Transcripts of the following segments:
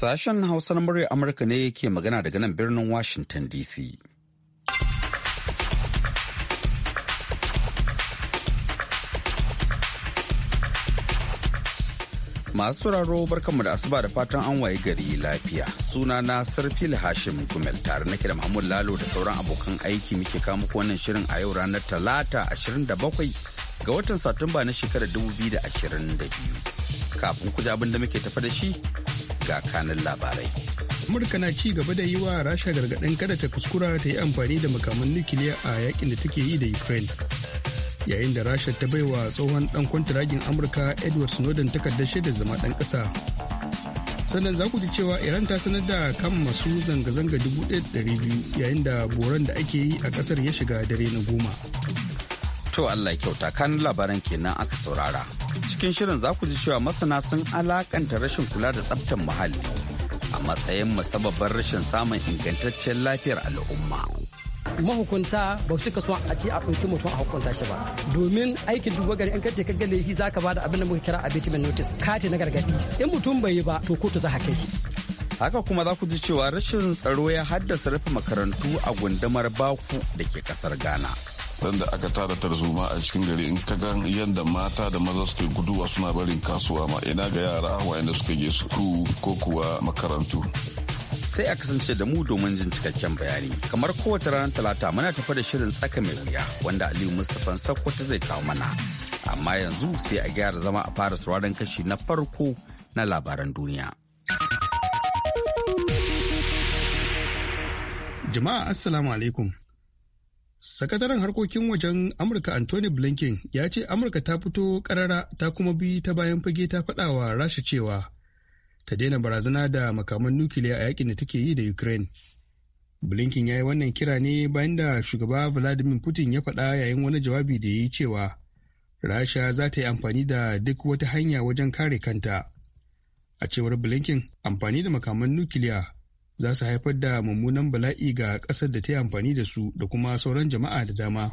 Sashen Hausa na murya Amurka ne ke magana daga nan birnin Washington DC. Masu sauraro barkanmu da asuba da fatan an waye gari lafiya. Suna na Sarfil Hashim Gumel tare nake da Mahmud Lalo da sauran abokan aiki muke kawo muku wannan shirin a yau ranar Talata 27 ga watan Satumba na shekarar 2022. Kafin ku ji abin da muke tafa da shi ga kanin labarai. Amurka na ci gaba da yi wa Rasha gargaɗin kada ta kuskura ta yi amfani da makaman nukiliya a yakin da take yi da Ukraine. Yayin da Rasha ta baiwa tsohon ɗan kwantiragin Amurka Edward Snowden takardar shaidar zama ɗan ƙasa. Sannan za ku ji cewa Iran ta sanar da kan masu zanga-zanga 1,200 yayin da boron da ake yi a ƙasar ya shiga dare na goma. To Allah kyauta kan labaran kenan aka saurara. Cikin shirin za ku ji cewa masana sun alakanta rashin kula da tsaftar muhalli a matsayin musababin rashin samun ingantaccen lafiyar al'umma. mahukunta ba su cika a ce a ɗauki mutum a hukunta shi ba domin aikin duba gari an ka kaga laifi za ka bada abin da muka kira bitamin notice kati na gargadi in mutum bai yi ba to kotu za ka kai shi haka kuma za ku ji cewa rashin tsaro ya haddasa rufe makarantu a gundumar baku da ke kasar ghana da aka tara tarzoma a cikin gari in ka gan yadda mata da maza suke guduwa suna barin kasuwa ma ina ga yara wayanda suka je suku ko kuwa makarantu sai a kasance da mu domin jin cikakken bayani kamar kowace ranar talata muna tafa da shirin tsaka mai wuya wanda aliyu mustapha sakkwata zai kawo mana amma yanzu sai a gyara zama a fara sauraron kashi na farko na labaran duniya jama'a assalamu alaikum sakataren harkokin wajen amurka anthony blinken ya ce amurka ta fito karara ta kuma bi ta bayan fage ta faɗa wa rasha cewa ta daina barazana da makaman nukiliya a yakin da take yi da ukraine blinken ya yi wannan kira ne bayan da shugaba vladimir putin ya faɗa yayin wani jawabi da ya yi cewa rasha za ta yi amfani da duk wata hanya wajen kare kanta a cewar blinken amfani da makaman nukiliya za su haifar da mummunan bala'i ga ƙasar da ta yi amfani da su da kuma sauran jama'a da dama.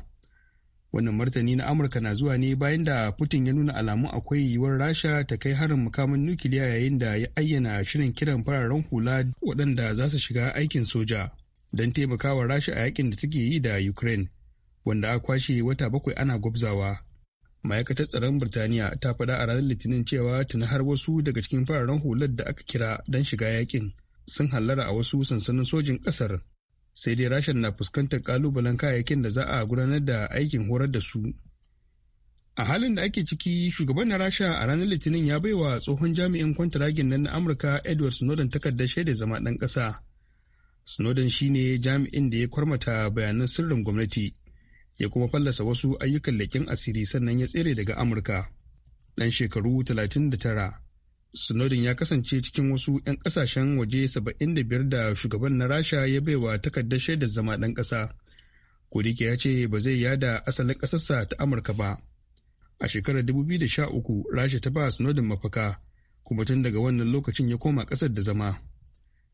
Wannan martani na Amurka na zuwa ne bayan da Putin ya nuna alamun akwai yiwuwar Rasha ta kai harin mukamin nukiliya yayin da ya ayyana shirin kiran fararen hula waɗanda za su shiga aikin soja don taimakawa Rasha a yakin da take yi da Ukraine, wanda a kwashe wata bakwai ana gwabzawa. ma'aikatar tsaron birtaniya ta faɗa a ranar litinin cewa tuni har wasu daga cikin fararen hular da aka kira don shiga yakin sun hallara a wasu sansanin sojin ƙasar sai dai rashin na fuskantar ƙalubalen kayayyakin da za a gudanar da aikin horar da su a halin da ake ciki shugaban na rasha a ranar litinin ya baiwa tsohon jami'in kwantaragin nan na amurka edward snowden takardar shaida zama ɗan ƙasa snowden shine jami'in da ya kwarmata bayanan sirrin gwamnati ya kuma fallasa wasu ayyukan leƙen asiri sannan ya tsere daga amurka ɗan shekaru 39 Snowden ya kasance cikin wasu 'yan kasashen waje 75 da shugaban na Rasha ya baiwa takardar shaidar zama ɗan ƙasa. Kodike ya ce ba zai yada asalin ƙasarsa ta Amurka ba. A shekarar 2013 Rasha ta ba Snowden mafaka kuma tun daga wannan lokacin ya koma ƙasar da zama.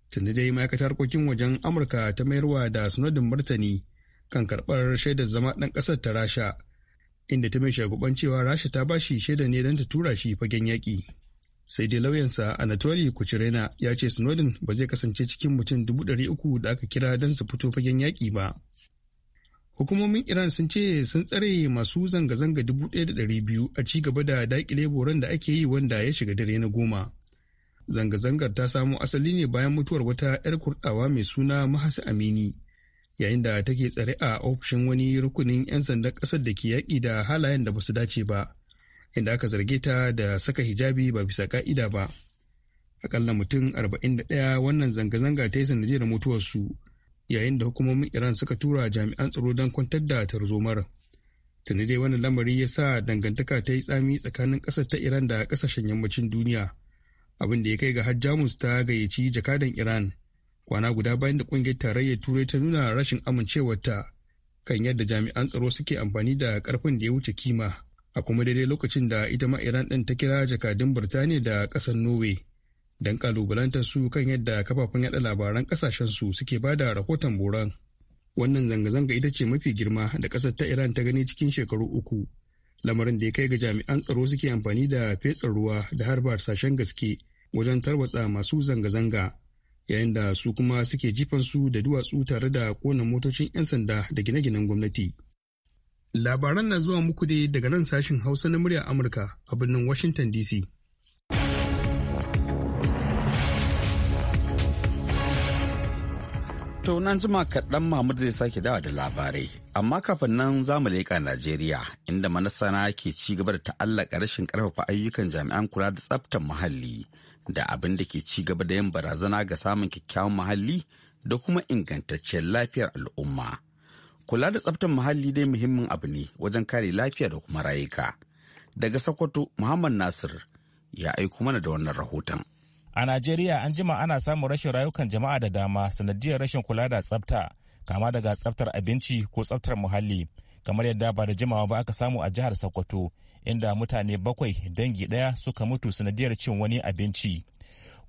Tunda dai ma'aikatar harkokin wajen Amurka ta mayarwa da Snowden martani kan karɓar shaidar zama ɗan ƙasar ta Rasha. inda ta mai shagubancewa cewa rasha ta ba shi shaida ne don ta tura shi fagen yaƙi. sai dai lauyansa anatoli kuchirena ya ce snowden ba zai kasance cikin mutum dubu ɗari uku da aka kira don su fito fagen yaƙi ba hukumomin iran sun ce sun tsare masu zanga-zanga dubu ɗaya da ɗari biyu a ci gaba da daƙile boron da ake yi wanda ya shiga dare na goma zanga-zangar ta samo asali ne bayan mutuwar wata 'yar kurɗawa mai suna mahasa amini yayin da take tsare a ofishin wani rukunin 'yan sandan ƙasar da ke yaƙi da halayen da ba su dace ba inda aka zarge ta da saka hijabi ba bisa ka'ida ba akalla mutum arba'in da ɗaya wannan zanga-zanga ta yi sanadiyar mutuwarsu yayin da hukumomin iran suka tura jami'an tsaro don kwantar da tarzomar tuni dai wannan lamari ya sa dangantaka ta yi tsami tsakanin ƙasar ta iran da ƙasashen yammacin duniya abin da ya kai ga har jamus ta gayyaci jakadan iran kwana guda bayan da ƙungiyar tarayyar turai ta nuna rashin amincewarta kan yadda jami'an tsaro suke amfani da ƙarfin da ya wuce kima a kuma daidai lokacin da ita ma iran ɗin ta kira jakadun birtaniya da ƙasar norway don kalubalantar su kan yadda kafafen yada labaran ƙasashen su suke ba da rahoton boran wannan zanga-zanga ita ce mafi girma da ƙasar ta iran ta gani cikin shekaru uku lamarin da ya kai ga jami'an tsaro suke amfani da fetsar ruwa da harba sashen gaske wajen tarwatsa masu zanga-zanga yayin da su kuma suke jifan su da duwatsu tare da kona motocin 'yan sanda da gine-ginen gwamnati Labaran na zuwa muku dai daga nan sashin Hausa na murya Amurka a birnin Washington DC. To nan jima kaɗan Mahmud zai sake dawa da labarai, amma kafin nan za mu leƙa Najeriya inda manasana ke ci gaba da ta'allaka rashin ƙarfafa ayyukan jami'an kula da tsaftar muhalli da abin da ke ci gaba da yin barazana ga samun kyakkyawan muhalli da kuma ingantacciyar lafiyar al'umma. Kula da tsaftar muhalli dai muhimmin abu ne wajen kare lafiya da kuma rayuka. Daga Sokoto, Muhammad Nasir ya aiko mana da wannan rahoton. A Najeriya an jima ana samun rashin rayukan jama'a da dama sanadiyar rashin kula da tsafta, kama daga tsaftar abinci ko tsaftar muhalli, kamar yadda ba da jimawa ba aka samu a jihar Sokoto, inda mutane bakwai dangi ɗaya suka mutu sanadiyar cin wani abinci.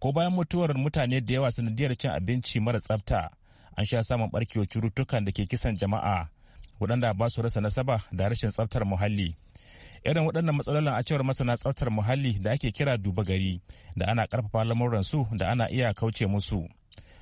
Ko bayan mutuwar mutane da yawa sanadiyar cin abinci mara tsafta, an sha samun barkewar cututtukan da ke kisan jama'a waɗanda ba su rasa nasaba da rashin tsaftar muhalli irin waɗannan matsalolin a cewar masana tsaftar muhalli da ake kira duba gari da ana ƙarfafa lamuran su da ana iya kauce musu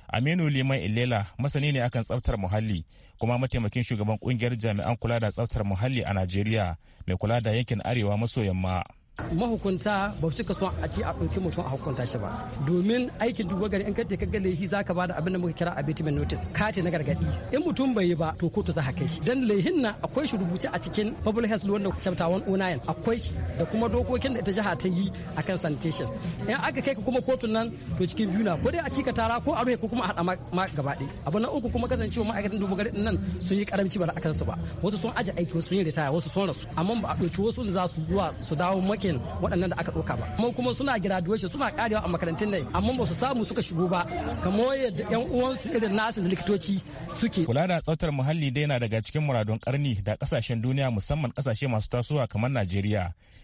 aminu liman ilela masani ne akan tsaftar muhalli kuma mataimakin shugaban ƙungiyar jami'an kula da tsaftar muhalli a najeriya mai kula da yankin arewa maso yamma mahukunta ba su cika son a ci a ɗauki mutum a hukunta shi ba domin aikin duk gari in ka te kaga laihi za ka bada abin da muka kira abatement notice kati na gargadi in mutum bai yi ba to kotu za ka kai shi dan laihin na akwai shi rubuce a cikin public health law na chapter 109 akwai shi da kuma dokokin da ita jiha ta yi akan sanitation in aka kai ka kuma kotun nan to cikin biyu na ko dai a cika tara ko a ruhe ko kuma a hada ma gaba ɗaya abu na uku kuma kasancewa ma'aikatan dubu gari nan sun yi karamci ba da akan su ba wasu sun aje aiki wasu sun yi ritaya wasu sun rasu amma ba a ɗauki wasu za su zuwa su dawo maki cikin waɗannan da aka ɗauka ba kuma kuma suna graduation suna karewa a makarantun nan amma ba su samu suka shigo ba kamar yadda yan uwansu irin nasu da likitoci suke kula da tsaftar muhalli dai na daga cikin muradun karni da kasashen duniya musamman kasashe masu tasowa kamar Najeriya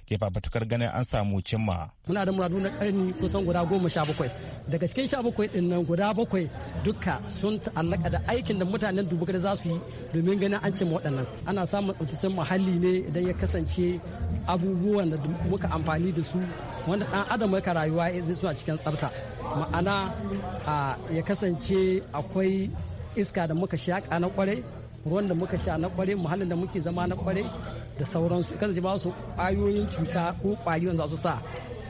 ke fafatukar ganin an samu cimma. Muna da muradu na karni kusan guda goma sha bakwai. Daga cikin sha bakwai ɗin nan guda bakwai duka sun ta'allaka da aikin da mutanen dubukar za su yi domin ganin an cimma waɗannan. Ana samun tsaftacen muhalli ne idan ya kasance abubuwan da muka amfani da su wanda ɗan adam ka rayuwa zai suna cikin tsafta. Ma'ana ya kasance akwai iska da muka shaƙa na kwarai ruwan da muka sha na kwarai muhallin da muke zama na kwarai da sauransu ji ba su kwayoyin cuta ko kwari wanda su sa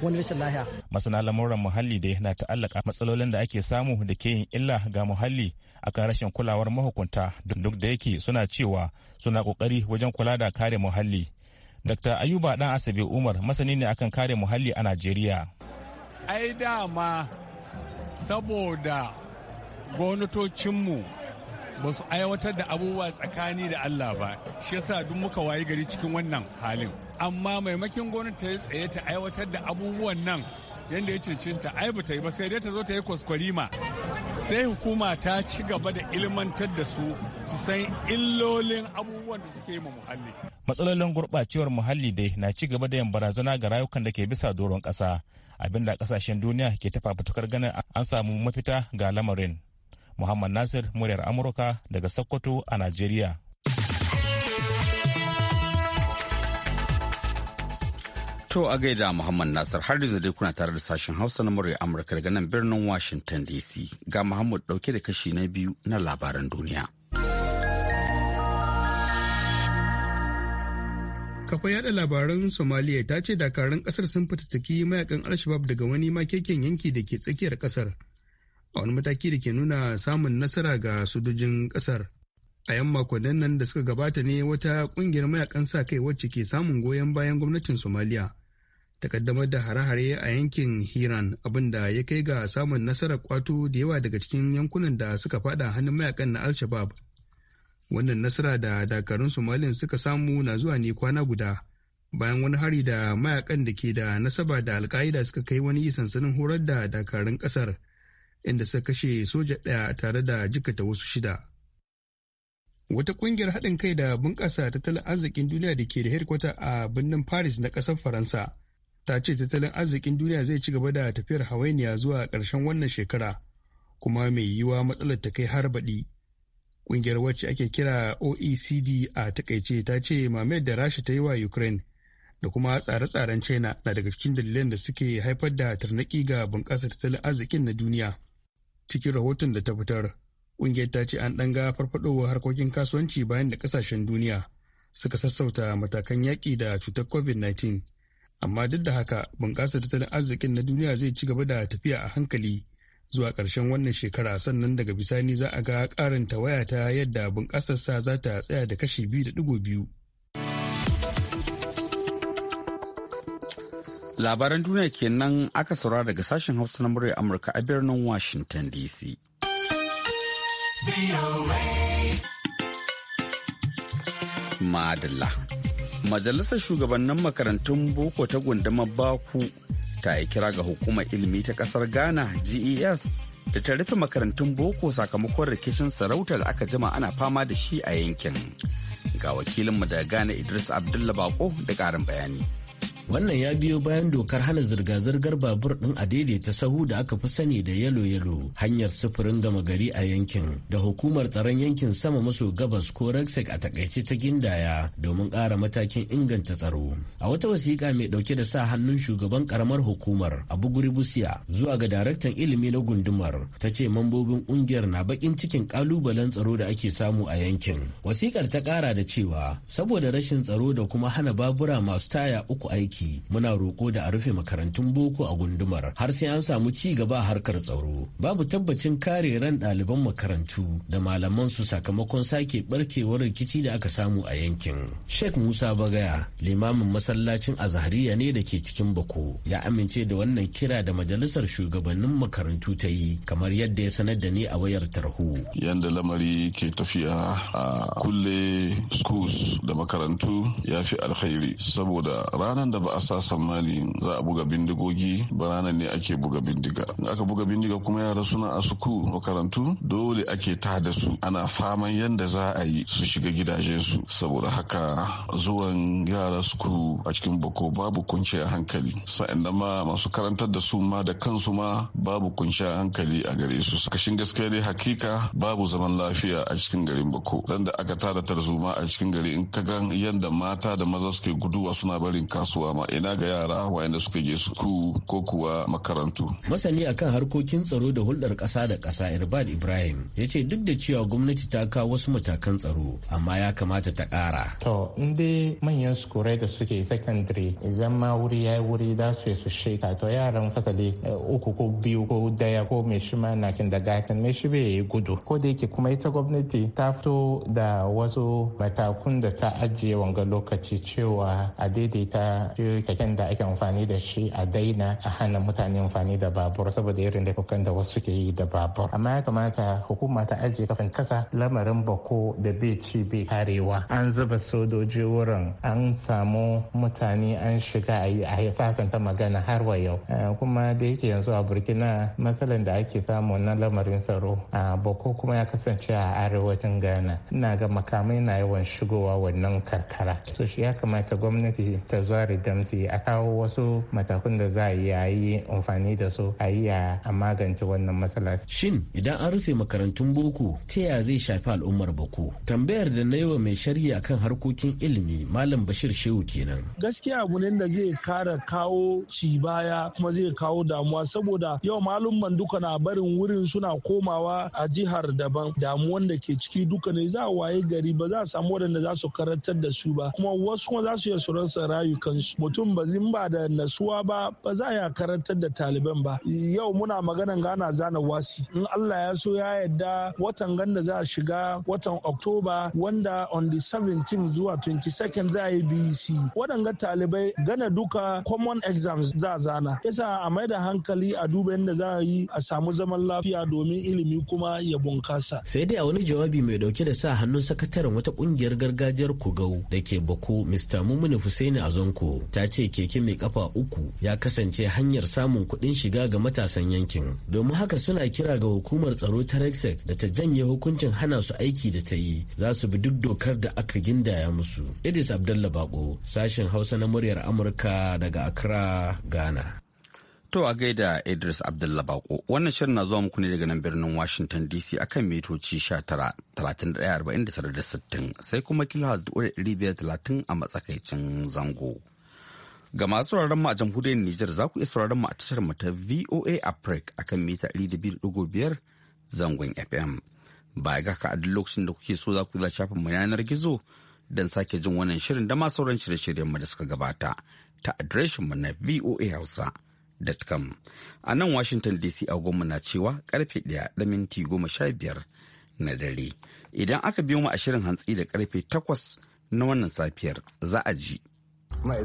wani rashin lahiya. Masana lamuran muhalli dai na ta'allaka matsalolin da ake samu da ke yin illa ga muhalli akan rashin kulawar mahukunta duk da yake suna cewa suna kokari wajen kula da kare muhalli. Dr. Ayuba Dan Asabe Umar masani ne akan kare muhalli a Najeriya. Ai dama saboda gwamnatocinmu ba su aiwatar da abubuwa tsakani da Allah ba shi yasa duk muka wayi gari cikin wannan halin amma maimakin gwamnati ta yi tsaye ta aiwatar da abubuwan nan yadda ya cincinta ai ba ta yi ba sai dai ta zo ta yi kwaskwarima sai hukuma ta ci gaba da ilmantar da su su san illolin abubuwan da suke yi ma muhalli matsalolin gurɓacewar muhalli dai na ci gaba da yin barazana ga rayukan da ke bisa doron ƙasa abinda ƙasashen duniya ke ta ganin an samu mafita ga lamarin Muhammad Nasir muryar Amurka daga Sokoto a Najeriya. To a gaida Muhammad Nasir har yanzu dai kuna tare da sashen Hausa na muryar Amurka daga nan birnin Washington DC ga Muhammad dauke da kashi na biyu na labaran duniya. kafa yada labaran somaliya ta ce dakarun kasar sun fitattaki mayakan alshabab daga wani makeken yanki da ke tsakiyar kasar a wani mataki da ke nuna samun nasara ga sojojin kasar a yan makonnin nan da suka gabata ne wata kungiyar mayakan sa kai wacce ke samun goyon bayan gwamnatin somaliya ta kaddamar da hare-hare a yankin hiran abinda ya kai ga samun nasarar kwato da yawa daga cikin yankunan da suka fada hannun mayakan na alshabab. wannan nasara da dakarun somalin suka samu na zuwa ne kwana guda bayan wani hari da mayakan da ke da nasaba da alka'ida suka kai wani sansanin horar da dakarun kasar inda suka kashe soja ɗaya tare da jikata wasu shida. Wata ƙungiyar haɗin kai da bunƙasa tattalin arzikin duniya da ke da herkwata a birnin Paris na ƙasar Faransa ta ce tattalin arzikin duniya zai ci gaba da tafiyar hawainiya zuwa ƙarshen wannan shekara kuma mai yiwuwa matsalar ta kai har baɗi. Ƙungiyar wacce ake kira OECD a takaice ta ce mamayar da Rasha ta yi wa Ukraine da kuma tsare-tsaren China na daga cikin dalilan da suke haifar da tarnaƙi ga bunƙasa tattalin arzikin na duniya. cikin rahoton da ta fitar ƙungiyar ta ce an ɗan ga farfaɗowar harkokin kasuwanci bayan da ƙasashen duniya suka sassauta matakan yaƙi da cutar covid-19 amma duk da haka bunƙasa tattalin arzikin na duniya zai ci gaba da tafiya a hankali zuwa ƙarshen wannan shekara sannan daga bisani za a ga ƙarin tawaya ta yadda bunƙasarsa za ta tsaya da kashi biyu da ɗigo biyu Labaran duniya kenan aka saura daga sashen Hausa na murya Amurka a birnin Washington DC. Madalla. Majalisar shugabannin makarantun boko ta gundama Baku ta yi kira ga hukumar ilimi ta kasar Ghana GES da ta rufe makarantun boko sakamakon rikicin sarauta da aka jima ana fama da shi a yankin. Ga wakilinmu da Ghana Idris Abdullah Bako da ƙarin bayani. Wannan ya biyo bayan dokar hana zirga-zirgar babur ɗin a daidaita sahu da aka fi sani da yalo-yalo hanyar sufurin gama gari a yankin da hukumar tsaron yankin sama maso gabas ko Rexec a takaice ta gindaya domin ƙara matakin inganta tsaro. A wata wasiƙa mai ɗauke da sa hannun shugaban ƙaramar hukumar Abu Busiya zuwa ga daraktan ilimi na gundumar ta ce mambobin ƙungiyar na baƙin cikin ƙalubalen tsaro da ake samu a yankin. Wasiƙar ta ƙara da cewa saboda rashin tsaro da kuma hana babura masu taya uku aiki muna roko da a rufe makarantun boko a gundumar har sai an samu ci gaba harkar tsaro babu tabbacin kare ran ɗaliban makarantu da malaman su sakamakon sake barkewar rikici da aka samu a yankin sheikh musa bagaya limamin masallacin azahariya ne da ke cikin bako ya amince da wannan kira da majalisar shugabannin makarantu ta yi kamar yadda ya sanar da ni a wayar tarho yanda lamari ke tafiya a kulle schools da makarantu ya fi alkhairi saboda ranar ranar da ba a sa sammani za a buga bindigogi ba ranar ne ake buga bindiga in aka buga bindiga kuma yara suna a suku makarantu dole ake ta da su ana faman yadda za a yi su shiga su. saboda haka zuwan yara suku a cikin bako babu kunce a hankali sa'in ma masu karantar da su ma da kansu ma babu kunce a hankali a gare su kashin gaskiya ne hakika babu zaman lafiya a cikin garin bako dan da aka tada tarzoma a cikin gari in ka gan yadda mata da maza suke guduwa suna barin kasu kasuwa ma ina ga yara wayanda suka je suku ko kuwa makarantu. Masani akan harkokin tsaro da hulɗar ƙasa da ƙasa Irbad Ibrahim ya ce duk da cewa gwamnati ta kawo wasu matakan tsaro amma ya kamata ta ƙara. To in dai manyan sukurai da suke secondary idan ma wuri ya yi wuri za su su sheka to yaran fasali eh, uku ko biyu ko daya ko mai shi ma na kindergarten me shi bai yi gudu. Ko da yake kuma ita gwamnati ta fito da wasu matakun da ta ajiye wanga lokaci cewa a daidaita na keken da ake amfani da shi a daina a hana mutane amfani da babur saboda irin da kukan da wasu ke yi da babur amma ya kamata hukuma ta ajiye kafin kasa lamarin bako da bai ci bai karewa an zuba sojoji wurin an samu mutane an shiga a yi sasanta magana har wa yau eh, kuma da yake yanzu a burkina matsalan da ake samu na lamarin tsaro a bako kuma ya kasance a arewacin ghana ina ga makamai na yawan shigowa wannan karkara to shi ya kamata gwamnati ta zuwa zare a kawo wasu matakun da za a yi a yi amfani da su a yi a magance wannan matsala. Shin idan an rufe makarantun boko ta yaya zai shafi al'ummar boko? Tambayar da na yi wa mai sharhi akan harkokin ilimi Malam Bashir Shehu kenan. Gaskiya abu ne da zai kara kawo ci baya kuma zai kawo damuwa saboda yau malumman duka na barin wurin suna komawa a jihar daban damuwan da ke ciki duka ne za a waye gari ba za a samu waɗanda za su karantar da su ba kuma wasu kuma za su iya su rasa rayukan mutum ba zin ba da nasuwa ba ba za ya karantar da taliban ba yau muna maganan gana zana wasi in allah ya so ya yadda watan ganda za a shiga watan oktoba wanda on the 17 zuwa 22 za a yi bec waɗanga talibai gana duka common exams za zana yasa a mai da hankali a duba yadda za a yi a samu zaman lafiya domin ilimi kuma ya bunkasa sai dai a wani jawabi mai dauke da sa hannun sakataren wata kungiyar gargajiyar kugau da ke bako mr mumuni husaini azonko ta ce keke mai kafa uku ya kasance hanyar samun kuɗin shiga ga matasan yankin. Domin haka suna kira ga hukumar tsaro ta Rexec da ta janye hukuncin hana su aiki da ta yi za su bi duk dokar da aka gindaya musu. Idris Abdallah Bako sashen Hausa na muryar Amurka daga Accra, Ghana. To a gaida Idris Abdullah Bako. Wannan shirin na zuwa muku ne daga nan birnin Washington DC akan mitoci 19,31,49,60 sai kuma kilohaz 530 a matsakaicin zango. Ga masu sauraron mu a jamhuriyar Nijar za ku iya sauraron mu a tashar mu ta VOA Africa akan mita 200.5 zangon FM. Baya ga ka a duk lokacin da kuke so za ku iya shafin mu yanar gizo don sake jin wannan shirin da masu sauran shirye-shiryen mu da suka gabata ta adireshin mu na voa hausa. amurka.com a nan washington dc agonmu na cewa karfe 1 da minti 15 na dare idan aka biyo mu a shirin hantsi da karfe 8 na wannan safiyar za a ji mai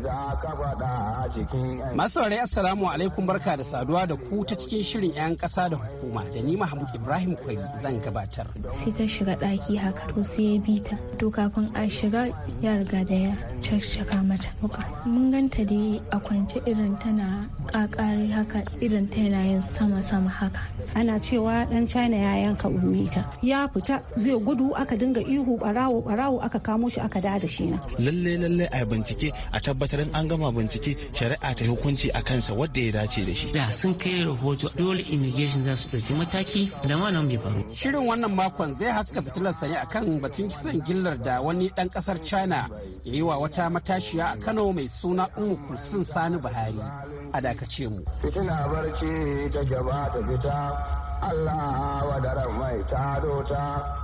Masu saurari assalamu alaikum barka da saduwa da ku ta cikin shirin 'yan ƙasa da hukuma da ni Mahmud Ibrahim Kwari zan gabatar. Sai ta shiga ɗaki haka to sai ya bi ta to kafin a shiga ya riga da ya caccaka mata muka. Mun ganta dai a kwance irin tana ƙaƙari haka irin ta yana yin sama-sama haka. Ana cewa ɗan China ya yanka ta. ya fita zai gudu aka dinga ihu barawo barawo aka kamo shi aka da shi na. Lalle lalle a bincike a tabbatar in an gama bincike shari'a ta hukunci a kansa wadda ya dace da shi. Da sun kai rahoto dole immigration za su ɗauki mataki da ma nan bai faru. Shirin wannan makon zai haska fitilar sani akan batun kisan gillar da wani ɗan ƙasar China ya yi wa wata matashiya a Kano mai suna Umu Kulsun Sani Buhari. A dakace mu. Fitina barci ta gaba ta fita Allah wa daren mai ta dota.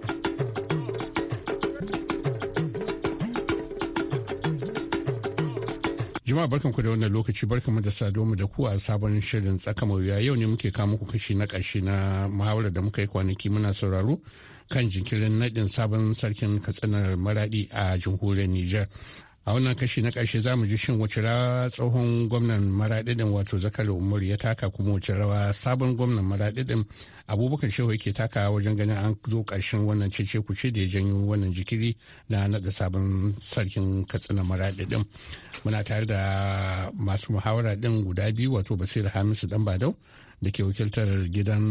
Jama'a barkanku da wannan lokaci barkanmu da sado mu da ku a sabon shirin tsaka mawuya yau ne muke kawo muku kashi na ƙarshe na muhawarar da muka yi kwanaki muna sauraro kan jinkirin naɗin sabon sarkin katsinar maraɗi a jamhuriyar Nijar. a wannan kashi na ƙarshe za mu ji shin wace rawa tsohon gwamnan maraɗiɗin wato zakari umar ya taka kuma wace rawa sabon gwamnan maraɗiɗin abubakar shehu yake taka wajen ganin an zo ƙarshen wannan cece kuce da ya janyo wannan jikiri na naɗa sabon sarkin katsina maraɗiɗin muna tare da masu muhawara ɗin guda biyu wato basir hamisu dan badau da ke wakiltar gidan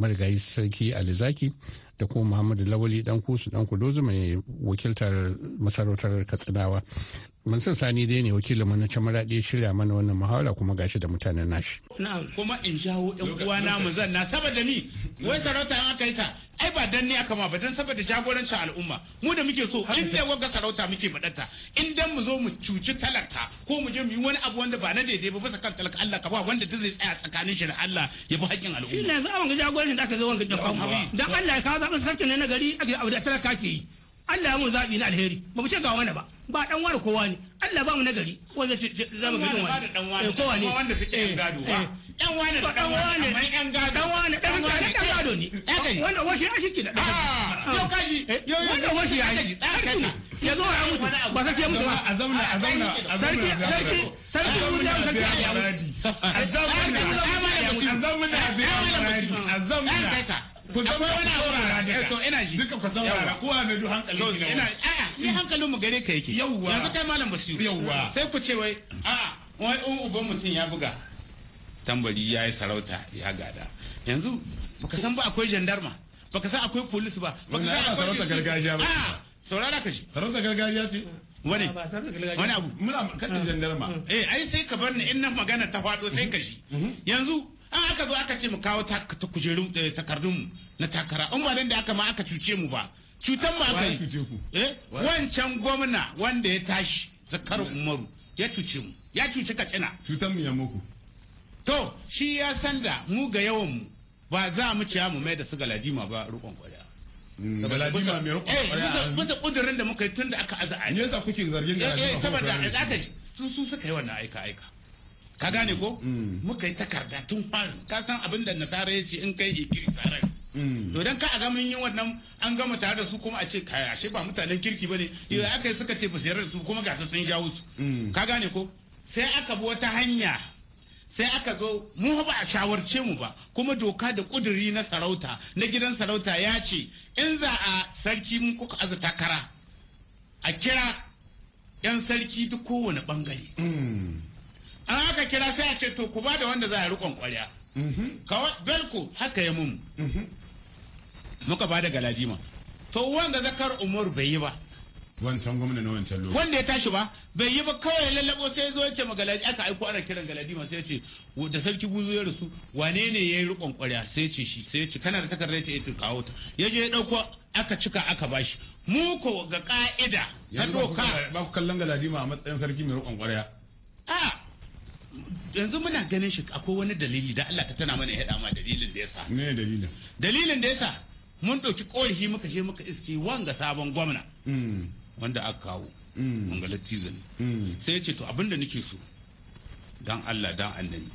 marigayi sarki alizaki da kuma muhammadu lawali dan kusu dan kudozu mai wakiltar masarautar katsinawa Mansur Sani dai ne wakilin mu na ɗaya shirya mana wannan muhawara kuma gashi da mutanen nashi. Na kuma in jawo ƴan uwana mu zanna saboda ni wai sarauta an aka yi ta ai ba dan ne aka ma ba dan saboda jagorancin al'umma mu da muke so in ne wagga sarauta muke badanta in dan mu zo mu cuci talaka ko mu je mu yi wani abu wanda ba na daidai ba bisa kan talaka Allah ka ba wanda duk zai tsaya tsakanin shi da Allah ya bi haƙƙin al'umma. Shi ne za a wanga jagorancin da aka zo wanga da dan Allah ya kawo zaɓen sarki ne na gari a da talaka ke yi. Allah ya mu zabi na alheri ba mu ce ga wani ba ba dan wani kowa ne Allah ba mu nagari zai za mu gidan wani dan wani eh, kowa ne wanda suke yan gado ba dan eh, eh. wani dan wani amma yan gado dan wani dan wani dan gado ne wanda washi ya shiki da yo ah. kaji yo yo wanda washi ya yi ya zo ya mutu ba sai ya mutu a zauna a zauna a zauna sarki sarki mun ya sarki ya mutu a zauna a zauna a zauna a zauna ku zama wani saurara da eh, to ina ji duka ku saurara kowa mai du hankali ne ina a'a ni hankalin mu gare ka yake yawwa yanzu kai malam basiru yawwa sai ku ce wai a'a wai in uban mutum ya buga tambari ya yi sarauta ya gada yanzu baka san ba akwai gendarma baka san akwai police ba baka san akwai sarauta gargajiya ba saurara ka ji sarauta gargajiya ce wani wani abu muna kan jandarma ah. eh ai sai ka bar ni in nan magana ta faɗo sai ka ji mm-hmm. yanzu an aka zo aka ce mu kawo takardun eh, takardun na takara an ba dan da aka ma aka cuce mu ba cutan ma aka yi eh, wancan gwamna wanda ya tashi zakar umaru ya cuce mu ya ka katsina cutan mu ya muku to shi ya san da mu ga yawan mu ba za mu ciya mu mai da su galadima ba rukon kwarya mm, galadima mai rukon eh, kwarya bisa kudurin da muka yi tun da aka aza a ne yasa kuke zargin galadima saboda aka su suka yi wannan aika aika ka gane ko mm. muka yi takarda tun fari ka san abin da nasara ya ce in kai ikiri tsarar mm. to dan ka a ga mun yi wannan an gama tare da su kuma a ce kai ashe ba mutanen kirki bane yau mm. aka yi suka ce ba sayar su kuma gasa sun jawo su ka gane ko sai aka bi wata hanya sai aka zo mu ba a shawarce mu ba kuma doka da kuduri na sarauta na gidan sarauta ya ce in za a sarki mun kuka aza takara a kira yan sarki duk kowane bangare an aka kira sai a ce to ku ba da wanda za a rikon kwarya mhm. kawai belku haka ya mun mhm. muka ba da galadima to wanda zakar umar bai yi ba wancan gwamna na wancan lokaci wanda ya tashi ba bai yi ba kawai lallabo sai zo ce ma galadi aka aiko ana kiran galadi ma sai ce da sarki guzu ya rasu wane ne ya yi rikon kwarya sai ce shi sai ce kana da takardar ce ita eh, kawo ta ya je ya dauko aka cika aka bashi mu ko ga ka'ida ta doka ba ku kallon galadi ma a matsayin sarki mai rikon kwarya yanzu muna ganin shi akwai wani dalili da Allah ta tana mana ya haɗa ma dalilin da ya sa. Me dalilin? Dalilin da ya sa mun ɗauki ƙorihi muka je muka iske wanga sabon gwamna. Mm. Wanda aka kawo. Mangala mm. season. Mm. Sai ya ce to abinda nake so. Dan Allah dan annabi.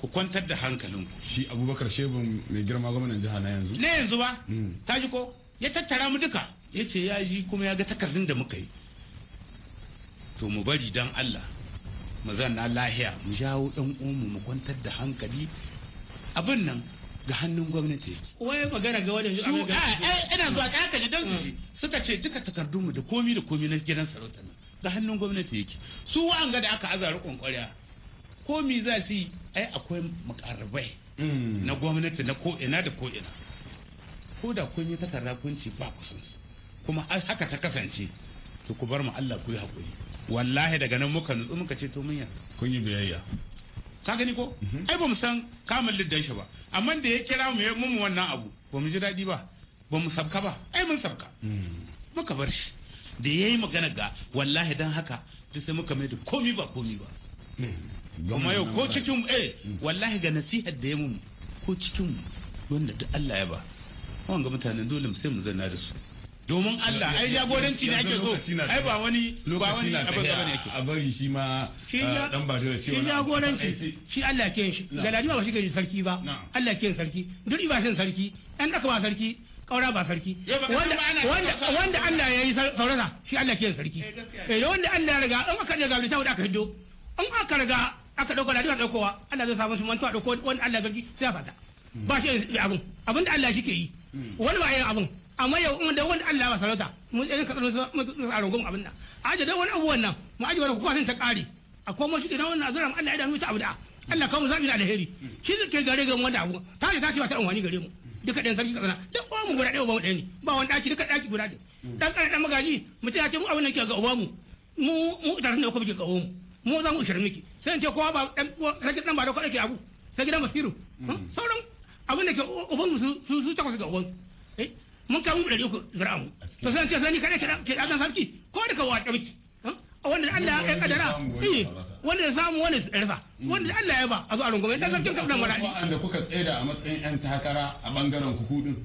Ku kwantar da hankalinku. Shi Abubakar Shehu mai girma gwamnan jiha na yanzu. Na yanzu ba. Ta ji ko? Ya tattara mu duka. Ya ce ya ji kuma ya ga takardun da muka yi. To mu bari dan Allah. mu zanna lahiya mu jawo dan umu mu kwantar da hankali abin nan ga hannun gwamnati yake wai magana ga wajen shi a ina zuwa ka haka don su mm. suka ce duka takardun mu da komi da komi na gidan sarauta nan ga hannun gwamnati yake su wa'anga da aka azara kwankwariya komi za su yi ai akwai makarabai mm. na gwamnati na ko ina da ko ina. ko da komi ta takarda kunci ba kusan kuma haka ta kasance to ku bar mu Allah ku yi hakuri wallahi daga nan muka nutsu muka ce to mun yarda kun yi biyayya ka gani ko mhm. ai ba mu san kamar liddan shi ba amma da ya kira mu mu wannan abu ba mu ji daɗi ba ba mu sabka ba ai mun sabka mm. muka bar shi da yayi magana ga wallahi dan haka duk sai muka mai da komi ba komi ba mm. amma yau ko cikin eh mm. wallahi ga nasihar da ya mu ko cikin wanda duk Allah ya ba wanga mutanen dole mu sai mu zanna da su domin Allah ai jagoranci ne ake so ai ba wani ba wani abin da bane yake a bari shi ma eh, dan ba da cewa shi jagoranci shi Allah ke shi galadi ba shi ke sarki ba Allah ke sarki duri ba shi sarki dan daka ba sarki kaura ba sarki wanda wanda Allah yayi saurasa shi Allah ke sarki eh, eh wanda Allah ya riga an aka da da ta aka hiddo an aka riga aka dauka da duka daukowa Allah zai samu su mantuwa dauko wanda Allah sarki sai ya fata ba shi abun abinda Allah shi ke yi hmm. wani ba yin abun amma yau in da wani Allah ba sarauta mu tsaye ka tsaro mu a rungun abin nan a da wani abu wannan mu aje wani kuma ta kare akwai mashi idan wannan azura Allah ya damu ta abu da Allah kawo mu zabi da alheri shi ke gare ga wanda abu ta ce ta ce ta amfani gare mu duka ɗan sarki katsina duk uwa mu guda ɗaya ba mu ɗaya ne ba wani ɗaki duka ɗaki guda ɗaya dan ƙara ɗan magaji mu ta ce mu abin nan ke ga uba mu mu mu tare da kuma ke ga uwa mu mu za mu shirin miki sai in ce kowa ba ɗan sarki ɗan ba da kwaɗa ke abu sai gidan masiru mm. sauran abin da ke uban su su takwas ga uban mun kawo mu ɗari uku zira'amu to sai ce sai ni kada ke ɗazan sarki ko da kawo a ɗauki wanda Allah ya kadara eh wanda ya samu wani rasa mm. wanda Allah ya ba a zo a rungume dan sarkin mara ni wanda kuka tseda a matsayin yan takara a bangaren ku kudin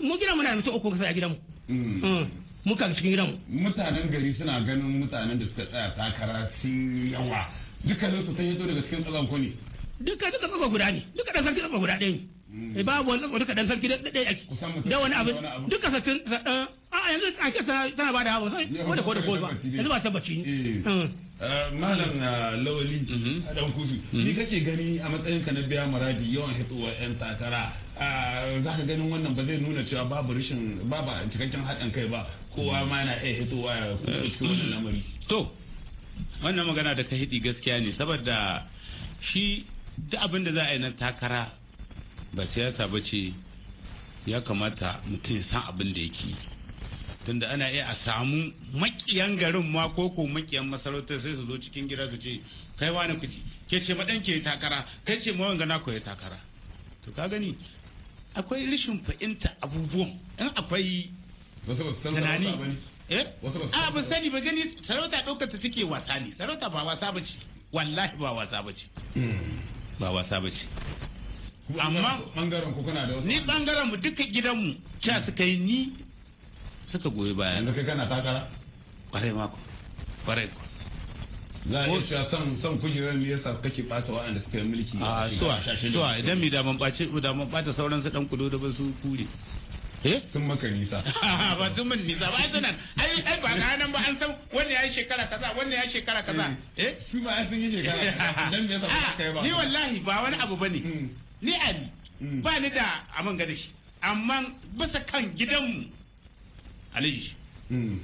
mu gidan mu na mutu uku kasa a gidan mu mm. Mm. mu kan cikin gidan mu mutanen gari suna ganin mutanen da suka tsaya takara sun yawa dukkanin su sun yato daga cikin tsazan ku ne duka duka tsaka guda ne duka da sarki tsaka guda ɗaya ne Eh, babu wani wani kaɗan sarki dai ake da wani abin duka sassin eh, a yanzu an kasa tana ba da hawa sai ko da ko da ko ba yanzu ba tabbaci eh. mm. malam na uh, lawali mm-hmm. a Kufi, mm-hmm. ni kake gani a matsayin ka na biya muradi yawan hitsuwa yan takara uh, za ka ganin wannan ba zai nuna cewa babu rashin babu cikakken haɗin kai ba kowa ma yana iya hitsuwa ya cikin wannan lamari to wannan magana da ka hidi gaskiya ne saboda shi duk abin da za a yi na takara ba siyasa ba ce ya kamata mutum ya san abin da yake tunda ana iya a samu makiyan garin ma ko ko makiyan masarautar sai su zo cikin gida su ce kai wani kuci ke ce ma ɗanke takara kai ce ma wanga nako ya takara to ka gani akwai rashin fahimta abubuwan in akwai tunani eh a ban sani ba gani sarauta ɗaukar ta suke wasa ne sarauta ba wasa ba ce wallahi ba wasa ba ce hmm. ba wasa ba ce amma bangaren ku kuna da wasu ni bangaren mu duka gidanmu cha hmm. suka yi ni suka goyi baya yanzu kai kana takara kwarai mako kwarai ko za a iya cewa son kujeran kujerar ne yasa kake bata waɗanda suka yi mulki a suwa suwa idan mi da mun bace da mun bata sauran su dan kudo da su kure eh sun maka nisa ba sun mun nisa ba su nan ai ai ba ga nan ba an san wanne ya yi shekara kaza wanne ya yi shekara kaza eh, eh? su ma sun yi shekara dan me yasa ba kai ba ah, ni wallahi ba wani abu bane hmm. ni ali hmm. ba ni da abin gani shi amma bisa kan gidanmu aliji hmm.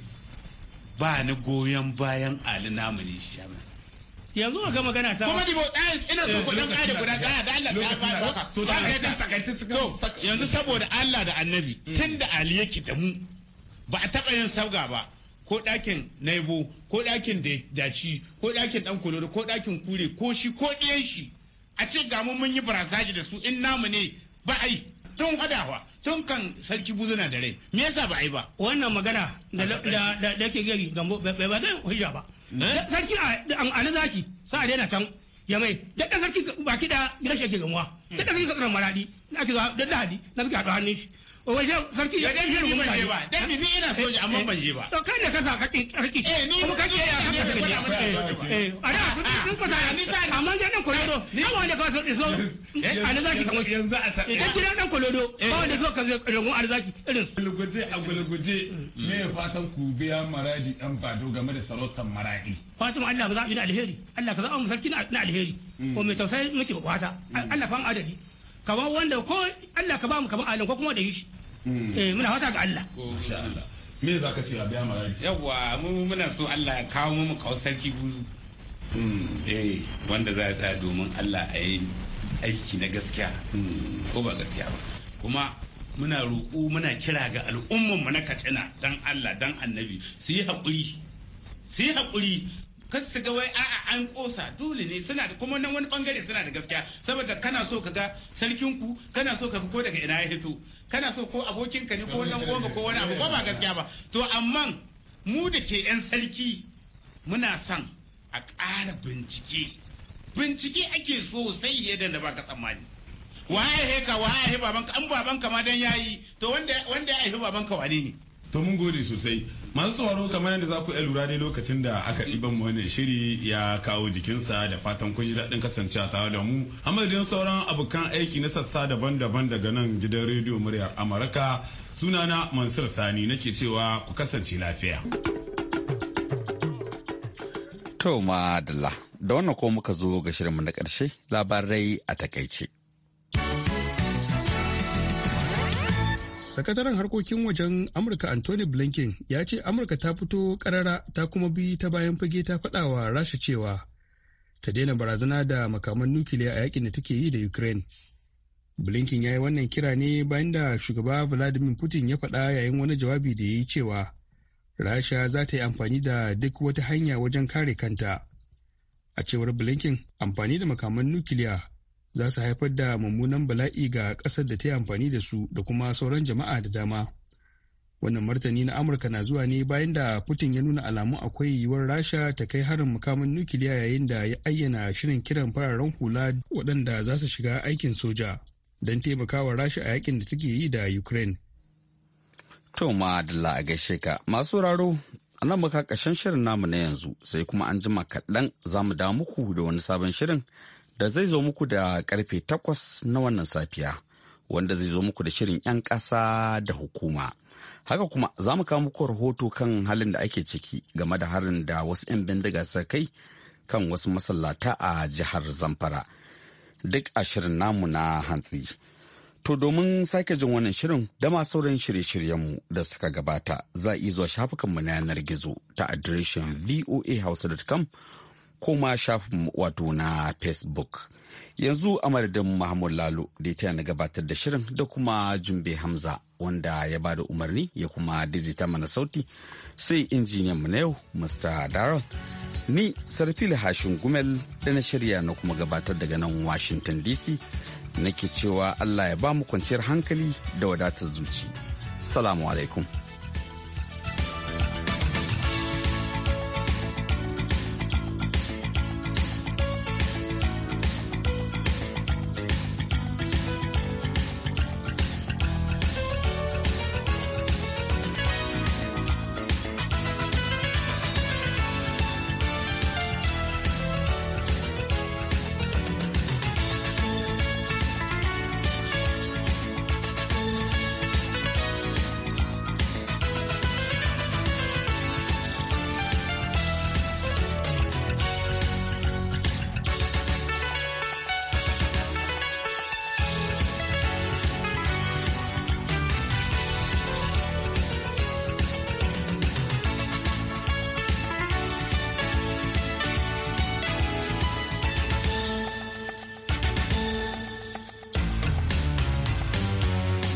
ba ni goyon bayan ali namu ne shi yanzu ga magana ta kuma dibo tsayin eh, ina so ku dan kare guda ɗaya da Allah ta ba to da ga da takaitu yanzu saboda Allah da Annabi hmm. Tun da Ali yake da mu ba a taɓa yin sabga ba ko ɗakin naibo ko ɗakin daci ko ɗakin ɗan kolori ko ɗakin kure ko shi ko ɗiyan shi a ce ga mu mun yi barazaji da su in namu ne ba ai tun hadawa tun kan sarki buzuna da rai me yasa ba ai ba wannan magana da da da ke gari gambo bai ba zai hujja ba eh? sarki a ali zaki sa daina can ya mai da sarki baki da gidan shi ke gamuwa da sarki ka tsaron maradi na ake da da hadi na suke hannun shi waje sarki ya dan shirin ban ba dan bibi ina soja amma ban je ba to kai ne kasa kake sarki kuma kake ya kasa kake eh ara kun ko da ni sai amma da dan kolodo ni wanda ka so so eh, eh, alzaki kamar yanzu a sai dan gidan dan kolodo ba wanda so ka zai rungun alzaki irin gulguje a gulguje mm. me fatan ku biya maradi dan bado game da sarautar maradi fatima Allah ba za mu da alheri Allah ka za sarki na alheri mm. ko mai tausayi muke fata mm. Allah fa adadi kamar wanda ko Allah ka ba mu kamar alin ko kuma da shi Mm. Eh, muna fata ga Allah me za ka ce a biya marayi yawwa muna so Allah ya kawo mu kawo sarki buzu mm. eh, wanda za ta domin Allah a yi aiki na gaskiya mm. ko ba gaskiya ba kuma muna roƙo muna kira ga al'ummanmu na kacina don Allah don Annabi su yi haƙuri su yi haƙuri Ka su ga wai a'a an kosa dole ne suna da kuma nan wani bangare suna da gaskiya saboda kana so ka ga sarkin ku kana so ka ko daga ina ya hito kana so ko abokin ka ne ko nan goma ko wani abu ko ba gaskiya ba to amma mu da ke yan sarki muna son a ƙara bincike bincike ake so sai yadda da baka tsammani waye ka waye babanka an babanka ma dan yayi to wanda wanda ya haifi babanka wane ne to mun gode sosai masu sauraro kamar yadda za ku iya lura dai lokacin da aka ɗiban mu wannan shiri ya kawo jikinsa da fatan kun ji daɗin kasancewa tare da mu a madadin sauran abokan aiki na sassa daban-daban daga nan gidan rediyo muryar amurka sunana mansur sani nake cewa ku kasance lafiya to madalla da wannan ko muka zo ga shirinmu na ƙarshe labarai a takaice sakataren harkokin wajen amurka anthony blinken ya ce amurka ta fito karara ta kuma bi ta bayan fage ta faɗa wa rasha cewa ta daina barazana da makaman nukiliya a yakin da take yi da ukraine blinken ya yi wannan kira ne bayan da shugaba vladimir putin ya faɗa yayin wani jawabi da ya yi cewa rasha za ta yi amfani da duk wata hanya wajen kare kanta a cewar blinken amfani da makaman nukiliya za su haifar da mummunan bala'i ga ƙasar da ta yi amfani da su da kuma sauran jama'a da dama. Wannan martani na Amurka na zuwa ne bayan da Putin ya nuna alamu akwai yiwuwar Rasha ta kai harin mukamin nukiliya yayin da ya ayyana shirin kiran fararen hula waɗanda za su shiga aikin soja don taimakawa Rasha a yakin da take yi da Ukraine. To ma a gaishe ka masu raro a nan muka shirin namu na yanzu sai kuma an jima kaɗan za mu da muku da wani sabon shirin da zai zo muku da karfe takwas na wannan safiya wanda zai zo muku da shirin 'yan ƙasa da hukuma. Haka kuma za mu kawo muku rahoto kan halin da ake ciki game da harin da wasu 'yan bindiga sa kai kan wasu masallata a jihar Zamfara. Duk a shirin namu na hantsi. To domin sake jin wannan shirin da ma sauran shirye-shiryenmu da suka gabata za a iya zuwa shafukanmu na yanar gizo ta adireshin voahausa.com ko ma shafin wato na facebook yanzu a madadin mahmud lalo da ya na gabatar da shirin da kuma jumbe hamza wanda ya bada umarni ya kuma daidaita mana sauti sai injiniyan mu na yau mr darrell ni sarfili hashin gumel da na shirya na kuma gabatar daga nan washington dc nake cewa allah ya ba mu kwanciyar hankali da wadatar zuci salamu alaikum